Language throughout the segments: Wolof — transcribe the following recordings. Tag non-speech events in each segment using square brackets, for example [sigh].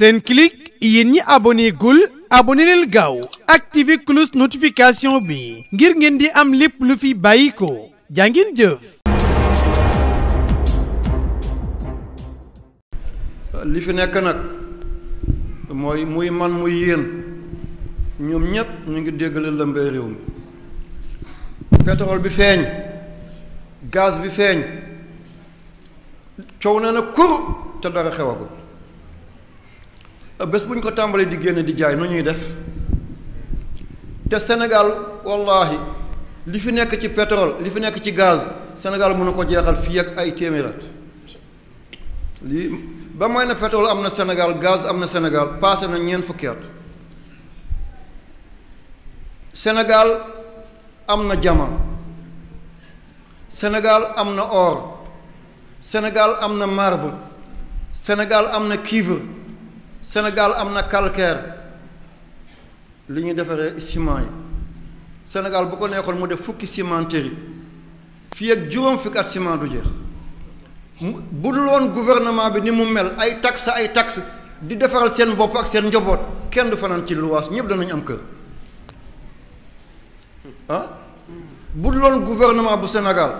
Senclic yéen ñi abonné gul abonné leen gaaw activé cloche notification bi ngir ngeen di am lépp lu fi bàyyi ko jàngin jëf. li fi nekk nag mooy muy man muy yéen ñoom ñett ñu ngi déggale lëmbee réew mi pétrole bi feeñ gaz bi feeñ coow na na kur te dara xewagul. bés bu ñu ko tàmbalee di génne di jaay nu ñuy def te Sénégal wallaahi li fi nekk ci pétrole li fi nekk ci gaz Sénégal mënu ko jeexal fii ak ay téeméeraat lii ba mooy na pétrole am na Sénégal gaz am na Sénégal passé na ñeent fukkiyat at Sénégal am na jama Sénégal am na or Sénégal am na marbre Sénégal am na cuivre Sénégal am na calcaire li ñuy defaree ciment yi Sénégal bu ko neexoon mu def fukki cimenterie fii ak juróom fukki at ciment du jeex bu dul woon gouvernement bi ni mu mel ay taxe ay taxe di defaral seen bopp ak seen njaboot kenn du fanaan ci luwaas ñëpp danañ am kër ah? bu dul woon gouvernement bu Sénégal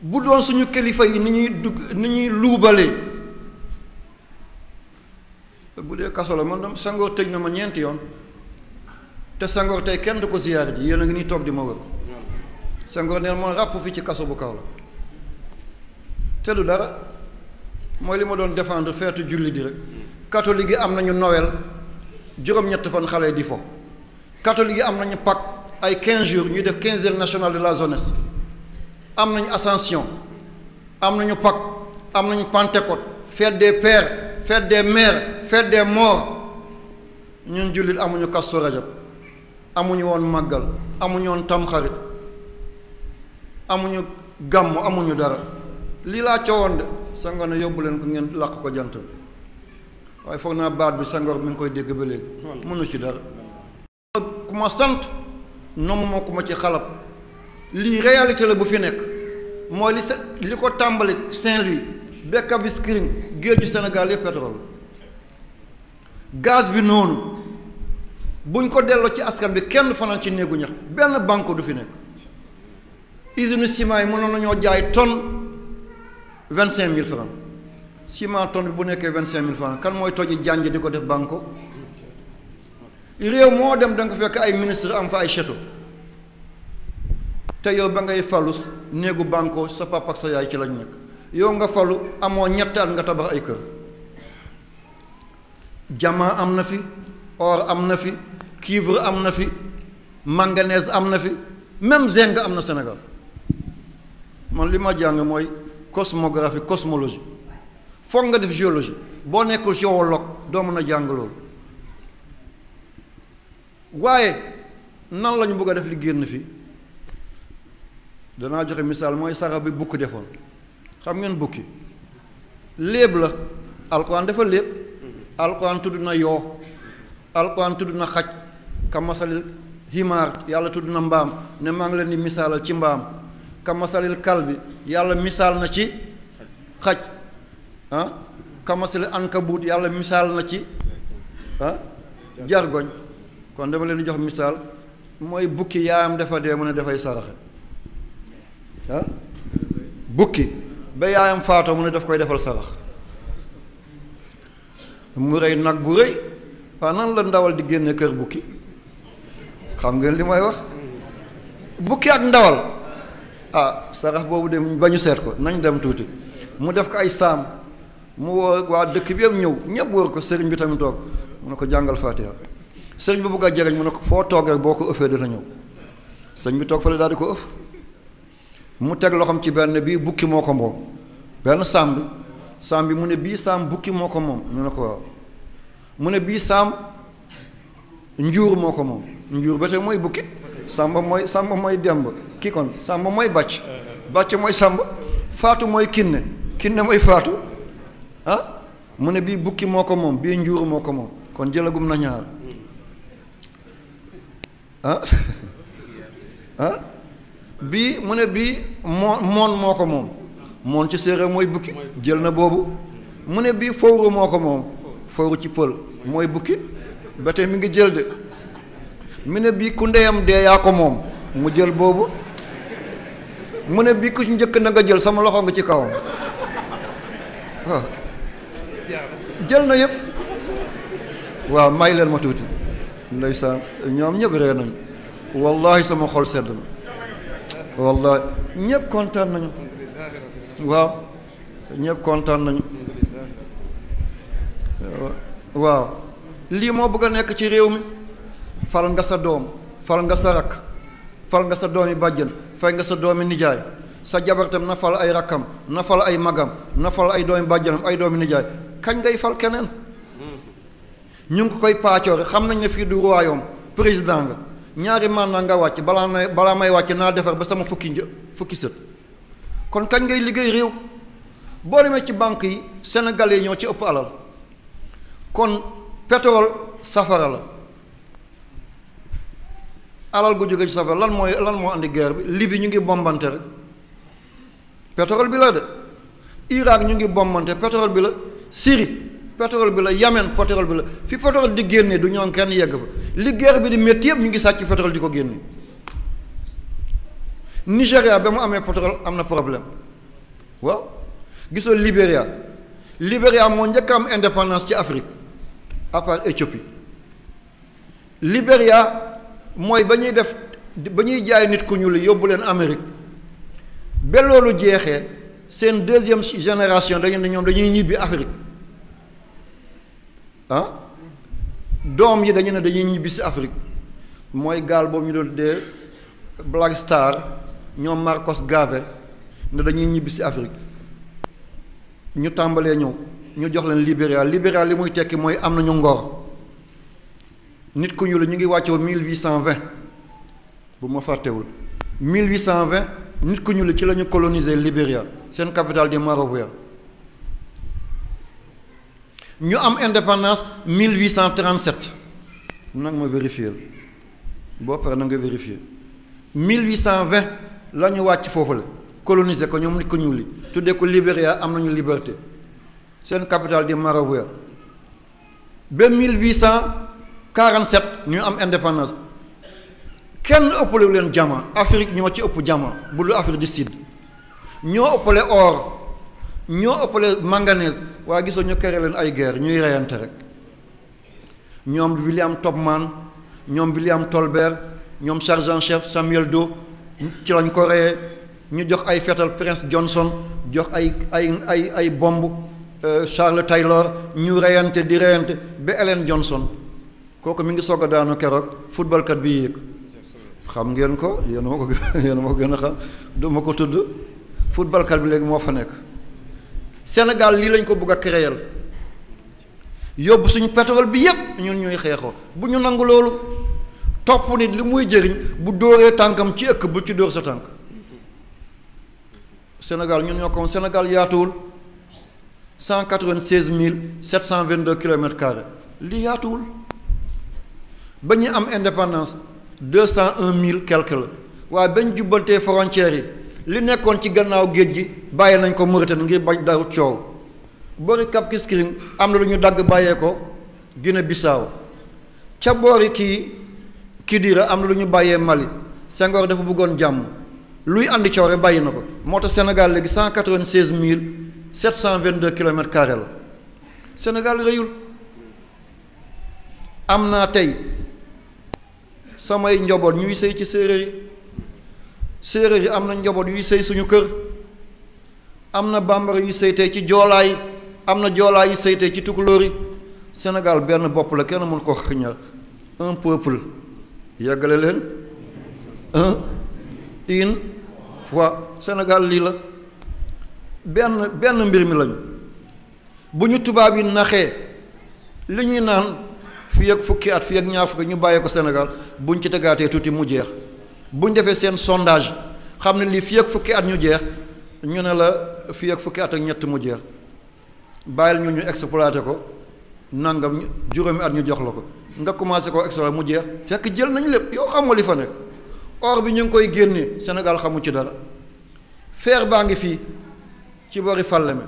bu doon suñu kilifa yi ni ñuy dugg ni ñuy luubalee. bu dee kaso la man dama sangoor tëj na ma ñeenti yoon te sangoor tey kenn du ko ziyaar ji yéen a ngi nii toog di ma wër sangoor neen ma ràpp fi ci kaso bu kaw la te du dara mooy li ma doon defendre feetu julli di rek catholique yi am nañu Noël juróom-ñett fan xale di fo catholique yi am nañu Pâques ay quinze jours ñuy def quinzaine national de la jeunesse am nañu Ascension am nañu Pâques am nañu Pentecôte fête des pères fête des mères fête ñun jullit amuñu kasu rajab amuñu woon màggal amuñu woon tamxarit amuñu gàmm amuñu dara lii laa coowoon de sangoor na yóbbu ko ngeen làq ko jant bi waaye foog naa baat bi sangoor mi ngi koy dégg ba léegi mënu ci dara ku ma sant nomm moo ku ma ci xalab lii réalité la bu fi nekk mooy li sa li ko tàmbali Saint-Louis ba Kabiskirine géeju Sénégal yëpp pétrole gaz bi noonu buñ ko delloo ci askan bi kenn fanaan ci néegu ñax benn banque du fi nekk usine ciment yi mënoon nañoo jaay tonne vingt cinq mille francs ciment tonne bi bu nekkee vingt cinq mille francs kan mooy toji jànj di ko def banque réew moo dem danga nga fekk ay ministre am fa ay château te yow ba ngay falus néegu banque sa papa sa yaay ci lañ nekk yow nga falu amoon ñetti at nga tabax ay kër jamaa am na fi or am na fi cuivre am na fi manganèse am na fi même zinc am na Sénégal man li ma jàng mooy cosmographie cosmologie foog nga def géologie boo nekk géologue doo mën a jàng loolu waaye nan la ñu a def li génn fi danaa joxe misaal mooy sara bi bukk defoon xam ngeen bukki léeb la alquran dafa léeb mm-hmm. alquran tudd na yoo alquran tudd na xaj kamasalil himaar yàlla tudd na mbaam ne maa ngi leen di misaalal ci mbaam kamasalil kalbi yàlla misaal na ci xaj ah kamasalil ankabuut yàlla misaal na ci ah jargoñ kon dama leen di jox misaal mooy bukki yaayam dafa dee mu ne dafay saraxe ah? bukki ba yaayam faatoo mu ne daf koy defal sarax mu rëy nag bu rëy waaw nan la ndawal di génne kër bukki xam ngeen li may wax bukki ak ndawal ah sarax boobu dem ba ñu seet ko nañ dem tuuti mu def ko ay saam mu waa dëkk bi yëpp ñëw ñëpp wër ko sëriñ bi tamit toog mu ne ko jàngal Fatiha sëriñ bi bugg a jëriñ mu ne ko foo toog rek boo ko ëffee dana ñëw sëriñ bi toog fële daal di ko ëff mu teg loxom ci benn bii bukki moo ko moom benn saam bi bi mu ne bii saam bukki moo ko moom ñu ne ko waaw mu ne bii sàmb njuur moo ko moom njuur ba tey mooy bukki sàmb mooy sàmba mooy demb kii kon sàmba mooy bàcc mooy sàmba faatu mooy kinne kinne mooy faatu ah mu ne bii bukki moo ko moom bii njuur moo ko moom kon jëlagum na ñaar ah [laughs] ah bii mu ne bii moon moon moo ko moom moon ci séeréer mooy bukki jël na boobu mu ne bii fowru moo ko moom fowru ci pël mooy bukki ba tey mi ngi jël de mu ne bii ku ndeyam dee yaa ko moom mu jël boobu mu ne bii ku njëkk na nga jël sama loxo nga ci kaw waaw jël na yëpp waaw may leen ma tuuti ndeysaan ñoom ñëpp ree nañ wallahi sama xol sedd na wallaay ñëpp kontaan nañu waaw ñëpp kontaan nañu waaw lii moo bëgg a nekk ci réew mi fal nga sa doom fal nga sa rakk fal nga sa doomi bàjjen fay nga sa doomi nijaay sa jabartam na fal ay rakkam na fal ay magam na fal ay doomi bàjjenam ay doomi nijaay kañ ngay fal keneen hmm. ñu ngi koy paacoore xam nañ ne fii du royaume président nga ñaari maanaam nga wàcc balaa may balaa may wàcc naa defar ba sama fukki një fukki sët kon kañ ngay liggéey réew boo demee ci banque yi sénégalais yi ñoo ci ëpp alal kon pétrole safara la alal gu jóge ci safara lan mooy lan moo andi guerre bi Libye ñu ngi bombante rek pétrole bi la de Irak ñu ngi bombante pétrole bi la siri pétrole bi la Yémen pétrole bi la fi pétrole di génne du ñoom kenn yegg fa li bi di métti yëpp ñu ngi sàcc pétrole di ko génne Nigéria ba mu amee pétrole am na problème waaw gisoo Libéria Libéria moo njëkk am indépendance ci Afrique à part mooy ba ñuy def ba ñuy jaay nit ku ñuul yóbbu leen Amérique ba loolu jeexee seen deuxième génération dañu ne ñoom dañuy ñibbi Afrique. ah doom yi dañu ne dañuy ñibbi si Afrique mooy gaal boobu ñu doon dee Black Star ñoom Marcos Gave ne dañuy ñibbi si Afrique ñu tàmbalee ñëw ñu jox leen libéral libéral li muy tekki mooy am nañu ngor nit ku ñuul ñu ngi wàccoo mille huit cent vingt bu ma fàttewul mille huit cent vingt nit ku ñuul ci la ñu coloniser Libéria seen capitale di Monrovia ñu am indépendance mille cent 1837 nag ma vérifier boo paree na nga vérifier 1820 la ñu wàcc foofu la coloniser ko ñoom nit ko ñuul li tuddee ko Libéria am nañu liberté seen capitale di Monrovia ba 1847 ñu am indépendance kenn ëppale leen jama Afrique ñoo ci ëpp jama bu dul Afrique du Sud ñoo ëppale or. ñoo ëppale manganèse waa gisoo ñu kere leen ay guerre ñuy reyante rek ñoom William Topman ñoom William Tolbert ñoom sergent chef Samuel Doe ci lañ ko reyee ñu jox ay fetal Prince Johnson jox ay ay ay ay bomb euh, Charles Taylor ñu reyante di reyante ba Ellen Johnson kooku mi ngi soog a daanu keroog footballkat bi yéeg xam ngeen ko yéen ma ko [laughs] yéen ma xam du ma ko tudd footballkat bi léegi moo fa nekk Sénégal lii lañ ko bëgg a créer yóbbu suñu pétrole bi yépp ñun ñuy xeexoo bu ñu nangu loolu topp nit li muy jëriñ bu dóoree tànkam ci ëkk bu ci dóor sa tànk Sénégal ñun ñoo ko Sénégal yaatuwul cent quatre-vingt-seize mille sept cent vingt-deux kilomètres carrés li yaatuwul ba ñu am indépendance deux cent un mille quelque la waaye bañ jubbantee frontières yi li nekkoon ci gannaaw géej gi bàyyi nañ ko Mauritanie ngir bañ daw coow boori Cap Skirring am na lu ñu dagg bàyyee ko Guinée Bissau ca boori kii Kidira am na lu ñu bàyyee Mali Senghor dafa bëggoon jàmm luy andi coow bàyyi na ko moo tax Sénégal léegi cent quatre-vingt-seize mille sept cent vingt-deux kilomètres carrés la Sénégal réyul am naa tey samay njaboot ñuy sëy ci séeréer yi séeréer yi am na njaboot yuy sëy suñu kër am na bambara yu sëytee ci joolaay am na joolaay yu sëytee ci tukulóor yi Sénégal benn bopp la kenn mënu ko xëñal un peuple yàggale leen un une fois Sénégal lii la benn benn mbir mi lañu bu ñu tubaab yi naxee li ñuy naan fi ak fukki at fii ak ñaar fukki ñu bàyyee ko Sénégal buñ ci tegaatee tuuti mu jeex bu ñu defee seen sondage xam ne lii fii ak fukki at ñu jeex ñu ne la fii ak fukki at ak ñett mu jeex bàyyil ñu ñu exploité ko nangam juróomi at ñu jox la ko nga commencé koo exploité mu jeex fekk jël nañ lépp yow xam nga li fa nekk or bi ñu ngi koy génne senegal xamu ci dara fer baa ngi fii ci boori Fàlleme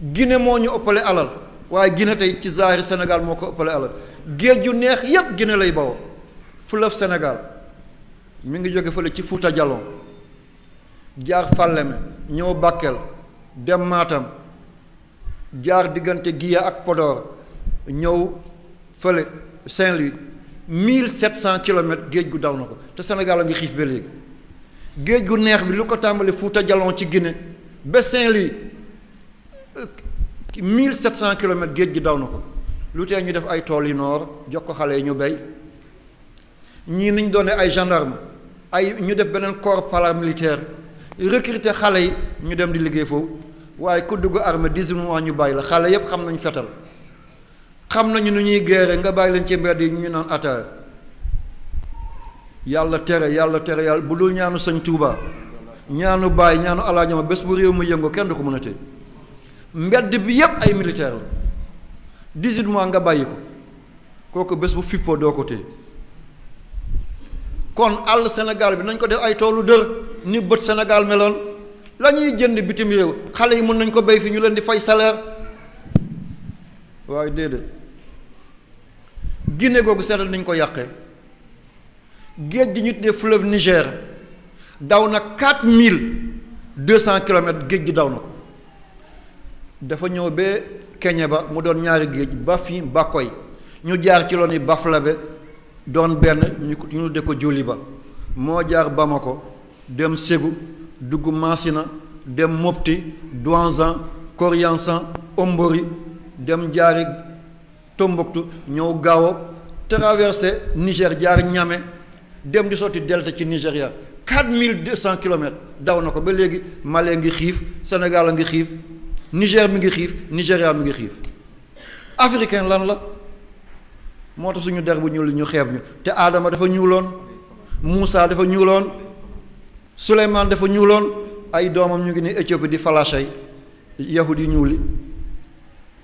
Guinée moo ñu ëppale alal waaye gine tey ci zaari senegal moo ko ëppale alal géej ju neex yépp gine lay bawoo fleuve senegal mi ngi jóge fële ci Fuuta Jalon jaar Fàlleme ñëw Bakel dem Matam jaar diggante Guiya ak Podor ñëw fële Saint-Louis mille sept cent kilomètres géej gu daw na ko te Sénégal a ngi xiif ba léegi géej gu neex bi lu ko tàmbali Fuuta Jalon ci Guinée ba Saint-Louis euh, mille sept cent kilomètres géej gi daw na ko lu tee ñu def ay tool yi noor jox ko xale yi ñu béy ñii niñ doone ay gendarme ay ñu def beneen corps paramilitaire recruter xale yi ñu dem di liggéey foofu waaye ku dugg armée dix mois ñu bàyyi la xale yépp xam nañ fetal xam nañu nu ñuy géere nga bàyyi leen ci mbedd yi ñu naan ataaya yàlla tere yàlla tere yàlla bu dul ñaanu sëñ Tuuba ñaanu Baay ñaanu alaajama bés bu réew mu yëngu kenn du ko mën a téye mbedd bi yépp ay militaire la dix nga bàyyi ko kooku bés bu fippoo doo ko téye kon àll Sénégal bi nañ ko def ay toolu dër ni bët Sénégal meloon lañuy jënd bitim réew xale yi mën nañ ko béy fii ñu leen di fay saleer waaye déedéet Guinée googu seetal nañ ko yàqee géej gi ñu tuddee fleuve Niger daw na quatre mille deux cent kilomètres géej gi daw na ko dafa ñëw ba Kenya ba mu doon ñaari géej ba fii ba ñu jaar ci loon yi Bafulabe doon benn ñu ñu de ko julli ba moo jaar ko dem Ségou dugg Massina dem Mopti Douanzan Koriansan Ombori dem jaari Tombouctou ñëw Gao traversé Niger jaar ñame dem di sotti delta ci Nigéria quatre mille deux cent kilomètres daw na ko ba léegi Mali ngi xiif Sénégal a ngi xiif Niger mi ngi xiif Nigéria mi ngi xiif africain lan la moo tax suñu der bu ñuul ñu xeeb ñu te aadama dafa ñuuloon Moussa dafa ñuuloon Souleymane dafa ñuuloon ay doomam ñu ngi ne Éthiopie di falashay yahud yi ñuul yi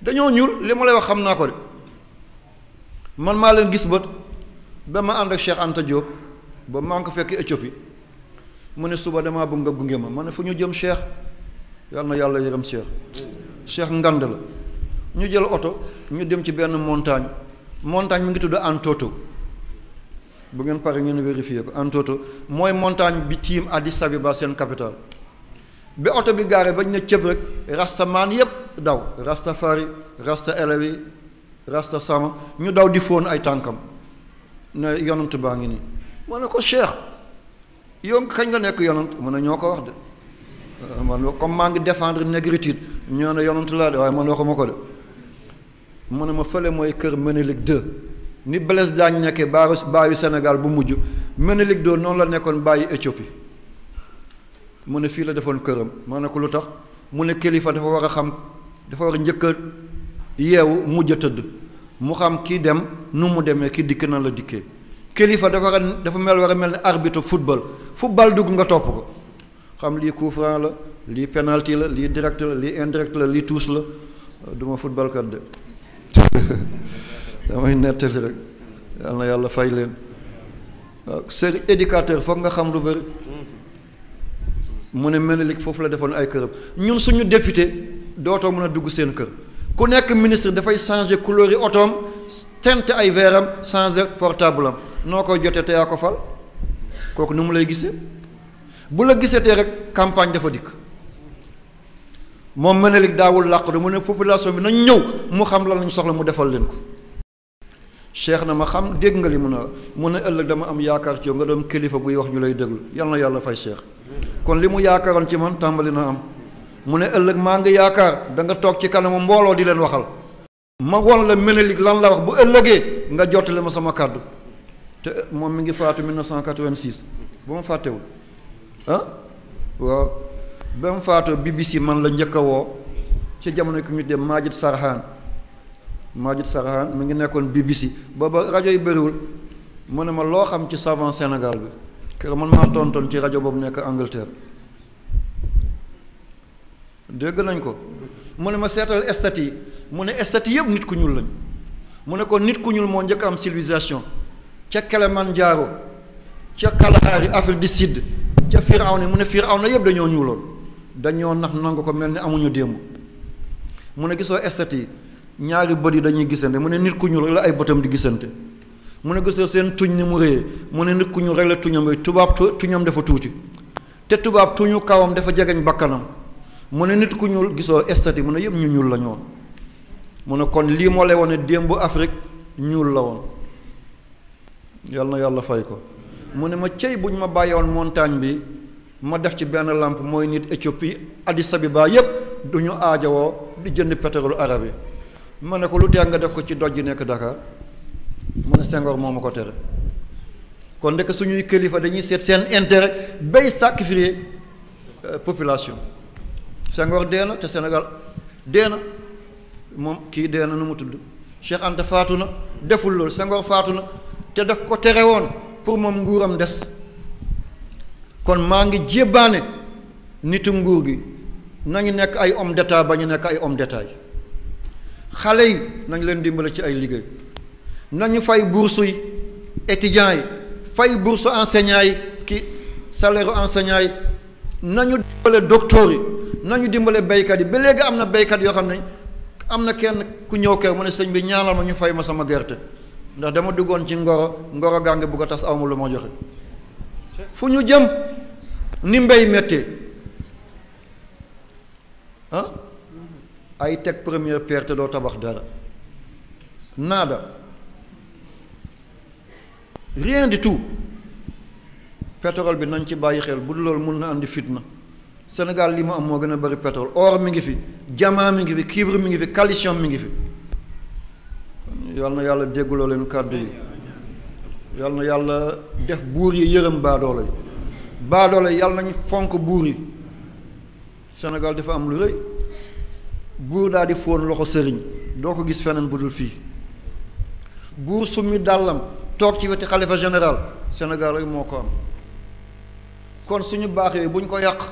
dañoo ñuul li ma lay wax xam naa ko de man maa leen gis bët ba ma ànd ak Cheikh Anta ba maa ngi ko fekk Éthiopie mu ne suba damaa bëgg nga gunge ma ma ne fu ñu jëm Cheikh yal na yàlla yërëm Cheikh Cheikh ngand la ñu jël oto ñu dem ci benn montagne. montagne mi ngi tudd Antoto bu ngeen pare ngeen vérifier ko Antoto mooy montagne bi tiim Addis ba seen capital bi oto bi gaare bañ ne cëb rek rasta maan yépp daw rasta fari rasta elewi rasta sama ñu daw di fóon ay tànkam ne yonant baa ngi nii ma ko cheikh yow kañ nga nekk yonant mu ne ñoo ko wax de comme maa ngi défendre négritude ñoo ne yonant laa de waaye man waxuma ko de mu ne ma fële mooy kër Menelik 2 ni Blaise Diagne nekkee baaru baayu Sénégal bu mujj Menelik 2 noonu la nekkoon bàyyi Éthiopie mu ne fii la defoon këram ma ne ko lu tax mu ne kilifa dafa war a xam dafa war a njëkk a yeewu mujj a tëdd mu xam kii dem nu mu demee kii dikk na la dikkee kilifa dafa war dafa mel war a mel ne arbitre football football dugg nga topp ko xam lii coup franc la lii penalty la lii direct la lii indirect la lii tous la duma [laughs] damay nettali rek yal na yàlla fay leen waaw sër éducateur foog nga xam lu bëri mu ne mel Menelik foofu la defoon ay këram ñun suñu député dootoo mën a dugg seen kër ku nekk ministre dafay changer couleur yi otoom teinte ay veeram changer portable noo koy jotee te yaa ko fal kooku nu mu lay gisee bu la gisee tee rek campagne dafa dikk moom mënelik daawul làqdu mu ne population bi nañ ñëw mu xam lan lañ soxla mu defal leen ko cheikh na ma xam dégg nga li mun a mun a ëllëg dama am yaakaar ci yow nga doon kilifa buy wax ñu lay déglu yal yàlla fay cheikh kon li mu yaakaaroon ci man tàmbali na am mu ne ëllëg maa ngi yaakaar da nga toog ci kanamu mbooloo di leen waxal ma won la menelik lan la wax bu ëllëgee nga jottali ma sama kàddu te moom mi ngi faatu 1986 ba mu fàttewul ah ba faatoo BBC man la njëkk a woo ci jamono ki ñu dem Majid Sarhan Majid Sarhan mu ngi nekkoon BBC booba rajo yu bëriwul mu ne ma loo xam ci savant Sénégal bi kër man maa tontoon ci rajo boobu nekk Angleterre dégg nañ ko mu ne ma seetal stati yi mu ne stati yëpp nit ku ñuul lañ mu ne ko nit ku ñuul moo njëkk am civilisation ca Kilimanjaro ca Kalahari Afrique du Sud ca Firawna mu ne Firawna yëpp dañoo ñuuloon dañoo nax nangu ko mel ni amuñu démb mu ne gisoo estet yi ñaari bët yi dañuy gisante mu ne nit ku ñuul rek la ay bëtam di gisante mu ne gisoo seen tuñ ni mu réyee mu ne nit ku ñuul la tuñam yi tubaab tuñam dafa tuuti te tubaab tuñu kawam dafa jegeñ bakkanam mu ne nit ku ñuul gisoo estet yi mu ne yëpp ñu ñuul la ñu woon mu ne kon lii moo lay wane démb Afrique ñuul la woon yal na yàlla fay ko mu ne ma cey buñ ma bàyyi woon montagne bi ma def ci benn làmp mooy nit Éthiopie Addis Abeba yépp du ñu aajowoo di jënd pétrole arabe yi ma ne ko lu tee nga def ko ci doj yi nekk Dakar mu ne Senghor moo ma ko tere kon ndekk suñuy kilifa dañuy seet seen intérêt bay sacrifier euh, population sengoor dee na te Sénégal dee na moom kii dee na nu mu tudd Cheikh Anta faatu na deful loolu Senghor faatu na te def ko tere woon pour moom nguur am des kon maa ngi jébbaane nitu nguur gi nañu nekk ay homme d'état ba ñu nekk ay om d'état yi xale yi nañ leen dimbale ci ay liggéey nañu fay bourse yi étudiants yi fay bourse enseignants yi ki salaire enseignants yi nañu dimbale docteurs yi nañu dimbale béykat yi ba léegi am na béykat yoo xam ne am na kenn ku ñëw kër mu ne sëñ bi ñaanal ma ñu fay ma sama gerte ndax dama duggoon ci ngoro ngoro gaa ngi bugg a tas awma lu ma joxe fu ñu jëm ni mbéy méttee ah? ay teg première pierre te doo tabax dara naada rien du tout pétrole bi nañ ci bàyyi xel bu dul loolu mun na andi fitna Sénégal li mu am moo gën a bari pétrole or mi ngi fi jamaa mi ngi fi cuivre mi ngi fi calcium mi ngi fi yal na yàlla dégguloo leen kàddu yi yal na yàlla def buur yi yërëm baadoolo yi baadoole yàlla nañu fonk buur yi Sénégal dafa am lu rëy buur daal di fóon loxo sëriñ doo ko gis feneen bu dul fii buur summi dàllam toog ci weti xalifa général Sénégal rek moo ko am kon suñu baax yooyu bu ñu ko yàq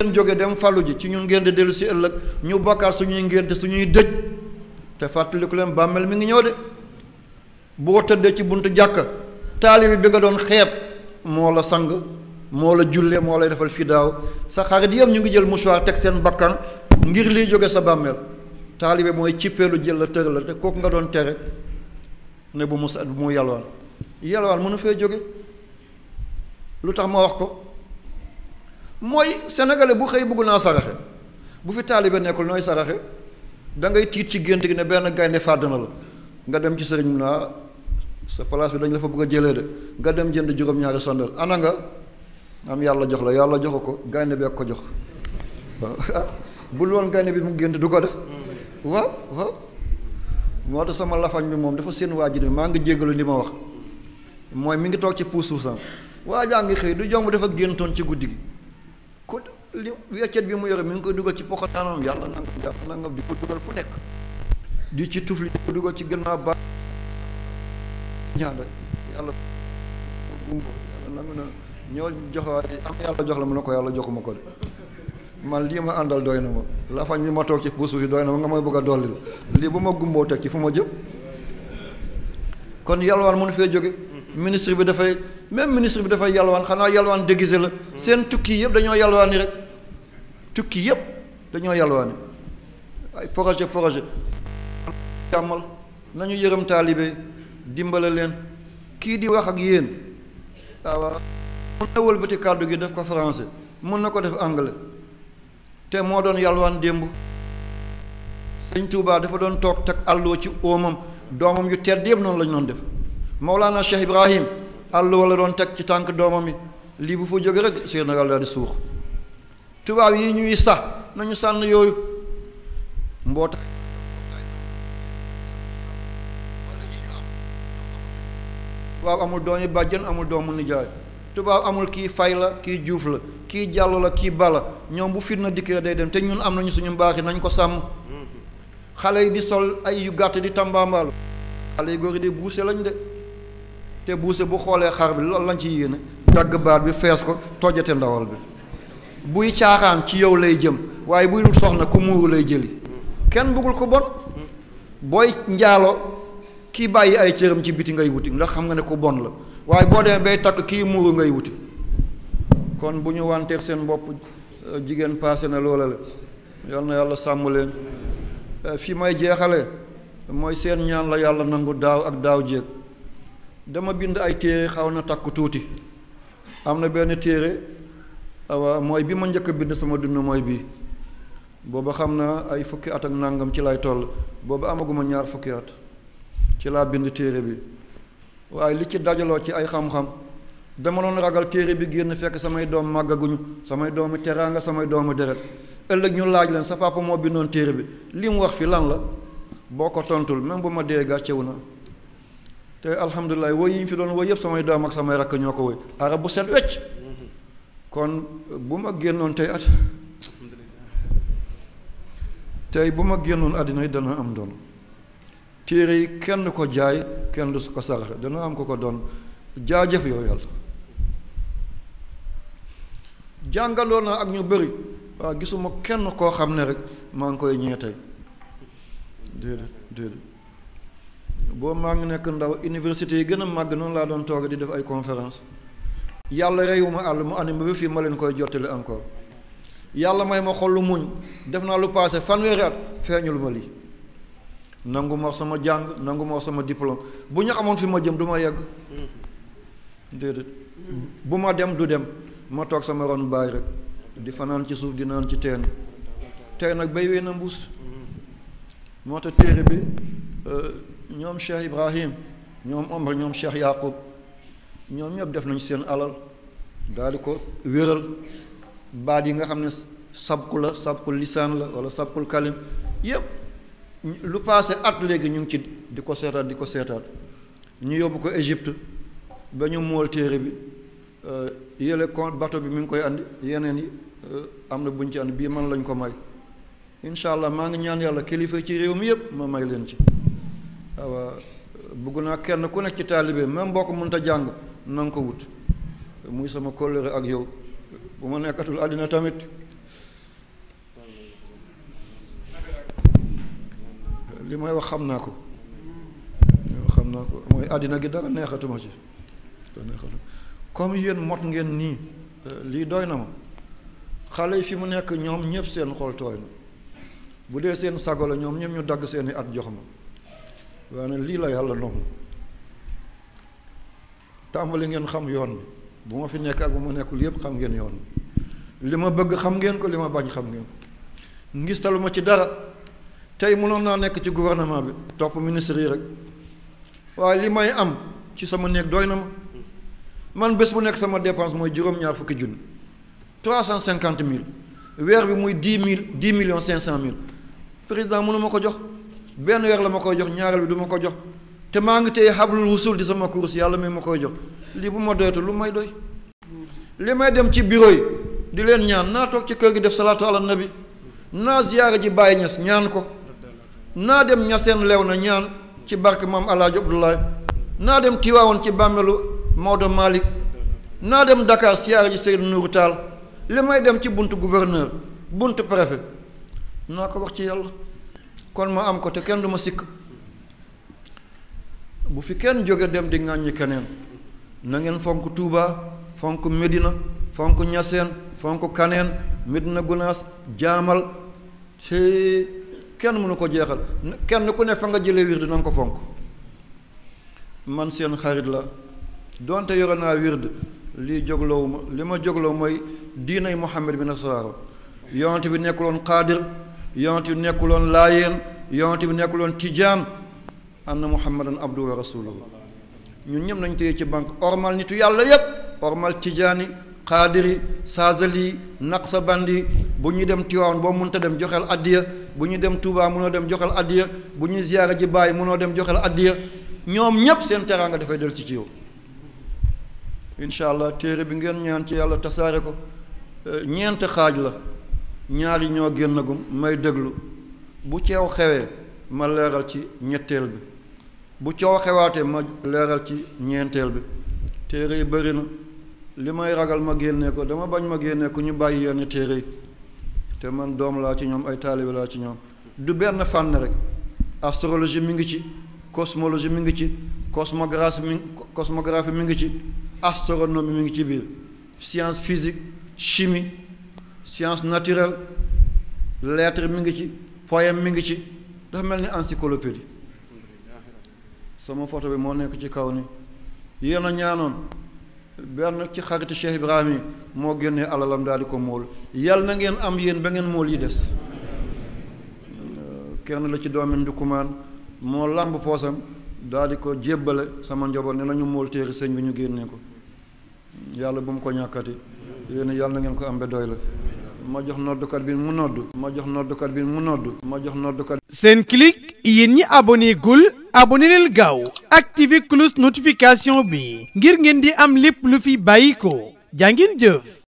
ngeen jóge dem fàllu ji ci ñun ngeen dellu si ëllëg ñu bokkaat suñuy ngénte suñuy dëj te fàttaliku leen bàmmeel mi ngi ñëw de boo tëddee ci bunt jàkk taalibi bi nga doon xeeb moo la sang moo la jullee moo lay defal fii daaw sa xarit yëpp ñu ngi jël mouchoir teg seen bakkan ngir liy jóge sa bàmmeel taalibe mooy cippeelu jël la tër la te kooku nga doon tere ne bu mu sa bu mu yalwaan yalwaan mënu fee jóge lu tax ma wax ko mooy senegale bu xëy bëgg naa saraxe bu fi taalibe nekkul nooy saraxe da ngay tiit ci gént gi ne benn gaynde fàdd na la nga dem ci sëriñ naa sa place bi dañ la fa bëgg a jëlee de nga dem jënd juróom-ñaari sondeel ana nga am yàlla jox la yàlla joxu ko gaynde bi ak ko jox waaw [laughs] bu loon gaynde bi mu gént du ko def waaw waaw tax sama lafañ bi moom dafa seen waajur bi maa ngi jéggalu li ma wax mooy mi ngi toog ci puus suusam waa jaa xëy du jomb dafa géntoon ci guddi gi ku li weccet bi mu yore mi ngi koy dugal ci poxataanam yàlla nangam yàlla nangam di ko dugal fu nekk di ci tufli di ko dugal ci gën naa baax ñaan rek yàlla gumba yàlla nangu na ñoo jox am la mu ne ko yàlla joxuma ko de man lii ma àndal doy na ma lafañ bi ma toog ci buus bi doy na ma nga may bëgg a dolli la lii bu ma gumboo teg ci fu ma jëm kon yalwaan mënu fee jóge ministre bi dafay même ministre bi dafay yalwaan xanaa yalwaan déguisé la seen tukki yëpp dañoo yalwaani rek tukki yëpp dañoo yalwaani ay projet projet jàmmal nañu yërëm taalibe dimbale leen kii di wax ak yéen ah, waaw mën na wëlbati kàddu gi def ko français mën na ko def anglais te moo doon yalwaan démb sëñ Tuubaa dafa doon toog teg àlloo ci óomam doomam yu tedd yëpp noonu la ñu doon def Mawlaana Cheikh Ibrahim àlloo la doon teg ci tànk doomam yi lii bu fa jóge rek Sénégal daal di suux tubaab yi ñuy sa nañu sànn yooyu mbootaay tubaab amul doomi bàjjan amul doomu nijaay tubaab amul kii fay la kii juuf la kii jàll la kii bala ñoom bu fitna dikkee day dem te ñun am nañu suñu mbaax yi nañ ko sàmm xale yi di sol ay yu gàtt di tambaambaalu xale yu góor yi di buuse lañ de te buuse bu xoolee xar bi loolu lañ ci yéene dagg baat bi fees ko tojjate ndawal bi buy caaxaan ci yow lay jëm waaye buy soxna ku muuru lay jëli kenn bëggul ko bon booy njaalo kii bàyyi ay cëram ci biti ngay wuti ndax xam nga ne ku bon la waaye boo demee bay takk kii muuru ngay wuti kon bu ñu wanteer seen bopp euh, jigéen paase na loola la yal na yàlla sàmm leen euh, fi may jeexale mooy seen ñaan la yàlla nangu daaw ak daaw jéeg dama bind ay téere xaw na takk tuuti am na benn téere ah, waaw mooy bi ma njëkk bind sama dund mooy bii booba xam na ay fukki at ak nàngam ci lay toll booba amaguma ñaar fukki at ci laa bind téere bi waaye li ci dajaloo ci ay xam-xam dama doon ragal téere bi génn fekk samay doom màggaguñu samay doomu teraanga samay doomu deret ëllëg ñu laaj leen sa papa moo bindoon téere bi li mu wax fi lan la boo ko tontul même bu ma dee gàccewu na te alhamdulilah woy yi ñu fi doon woy yëpp samay doom ak samay rakk ñoo ko woy arab bu set wecc kon bu ma génnoon tey at tey bu ma génnoon àddina yi dana am doon téere yi kenn ko jaay kenn du su ko saraxe dana am ko ko doon jaajëf yow yàlla jàngaloo na ak ñu bëri waa gisuma kenn koo xam ne rek maa ngi koy ñee tey déedéet maa ngi nekk ndaw université yi gën a màgg noonu laa doon toog di def ay conférence yàlla reyuma àll mu animé bi fii ma leen koy jottali encore yàlla may ma xol muñ def naa lu paase fanweeri at feeñul ma lii nangu ma sama jàng nangu ma sama diplôme bu ñu xamoon fi ma jëm du ma yegg bu ma dem du dem ma toog sama ron baay rek di fanaan ci suuf di naan ci teen tey nag bay wee na mbuus moo tax téere bi euh, ñoom Cheikh Ibrahim ñoom Omar ñoom Cheikh Yaqub ñoom ñëpp def nañ seen alal daal di ko wéral baat yi nga xam ne sabku la sabkul lisaan la wala sabkul kalim yëpp lu paase at léegi ñu ngi ci di ko seetaat di ko seetaat ñu yóbbu ko Égypte ba ñu mool téere bi euh, yële kon bato bi mi ngi koy andi yeneen yi euh, am na buñ ci andi bii man lañ ko may incha allah maa ngi ñaan yàlla kilifa ci réew mi yëpp ma may leen ci waaw bëgg naa kenn ku nekk ci taalibe même boo ko mënta jàng na ko wut muy sama kóllëre ak yow bu ma nekkatul àddina tamit. li may wax xam naa ko xam naa mooy àddina gi dara neexatuma ci comme yéen mot ngeen nii euh, lii doy na ma xale yi fi mu nekk ñoom ñëpp seen xol tooy na bu dee seen sago la ñoom ñëpp ñu dagg seeni at jox ma waaye lii la yàlla noonu tàmbali ngeen xam yoon bi bu ma fi nekk ak bu ma nekkul yépp xam ngeen yoon bi li ma bëgg xam ngeen ko li ma bañ xam ngeen ko ngistalu ci dara tey mënoon naa nekk ci gouvernement bi topp ministre yi rek waaye li may am ci sama néeg doy na ma man bés bu nekk sama dépense mooy juróom-ñaar fukki junni trois cent cinquante mille weer bi muy dix mille dix million cinq cent mille président mënu ma ko jox benn weer la ma koy jox ñaareel bi du ma ko jox te maa ngi tey xablul wusul di sama course yàlla mi ma koy jox lii bu ma doyatu lu may doy li may dem ci bureau yi di leen ñaan naa toog ci kër gi def salaatu ala nabi naa ziyaara ji bàyyi ñes ñaan ko naa dem ñaseen lew na ñaan ci barke maam alaaji abdoulaye naa dem tiwaawoon ci bàmmeelu Maodo malik naa dem Dakar siyaare ji seen Nourou Tall li may dem ci buntu gouverneur buntu préfet naa ko wax ci yàlla kon ma am ko te kenn du ma sikk bu fi kenn jóge dem di ŋàññi keneen na ngeen fonk tuuba fonk Medina fonk Ñaseen fonk Kaneen Medina Gunaas jaamal te kenn mënu ko jeexal kenn ku ne fa nga jëlee wird na ko fonk man seen xarit la donte yore naa wird lii jógloowu ma li ma jógloo mooy diinay Muhammad bi nasaraaro yonent bi nekkuloon xaadir yonent bi nekkuloon laayeen yonent bi nekkuloon tijaan anna muhammadan abdu wa rasuluhu ñun ñëpp nañ téye ci banque ormal nitu yàlla yépp ormal tijaani xaadiri sa naqsabandi bu ñuy dem tiwaawan boo mënta dem joxeel addiya bu ñu dem Touba mënoo dem joxal addiya bu ñuy ziyaara ji bàyyi mënoo dem joxal addiya ñoom ñépp seen teraanga dafay del si ci yow incha allah téere bi ngeen ñaan ci yàlla tasaare ko eh, ñeent xaaj la ñaar yi ñoo génn génnagum may déglu bu ceew xewee ma leeral ci ñetteel bi bu coow xewaatee ma leeral ci ñeenteel bi téere yi bëri na li may ragal ma génnee ko dama bañ ma génnee ku ñu bàyyi yenn téere yi te man doom laa ci ñoom ay taalibe laa ci ñoom du benn fànn rek astrologie mi ngi ci cosmologie mi ngi ci cosmographie mi mi ngi ci astronomie mi ngi ci biir science physique chimie science naturelle lettre mi ngi ci poème mi ngi ci dafa mel ni encyclopédie sama photo bi moo nekk ci kaw ni yéen a ñaanoon benn ci xariti Cheikh Ibrahima yi moo génnee alalam daal di ko mool yàlla na ngeen am yéen ba ngeen mool yi des kenn la ci doomi ndukumaan moo làmb poosam daal ko jébbale sama njaboot ne nañu mool téere sëñ bi ñu génnee ko yàlla bu mu ko ñàkkati yéen yàlla na ngeen ko am ba doy la ma jox noddukat bi mu nodd ma jox noddukat bi mu nodd ma jox noddukat. Senclic yéen ñi abonné gul abonné leen gaaw activé cloche notification bi ngir ngeen di am lépp lu fi bàyyi ko jaa ngeen jëf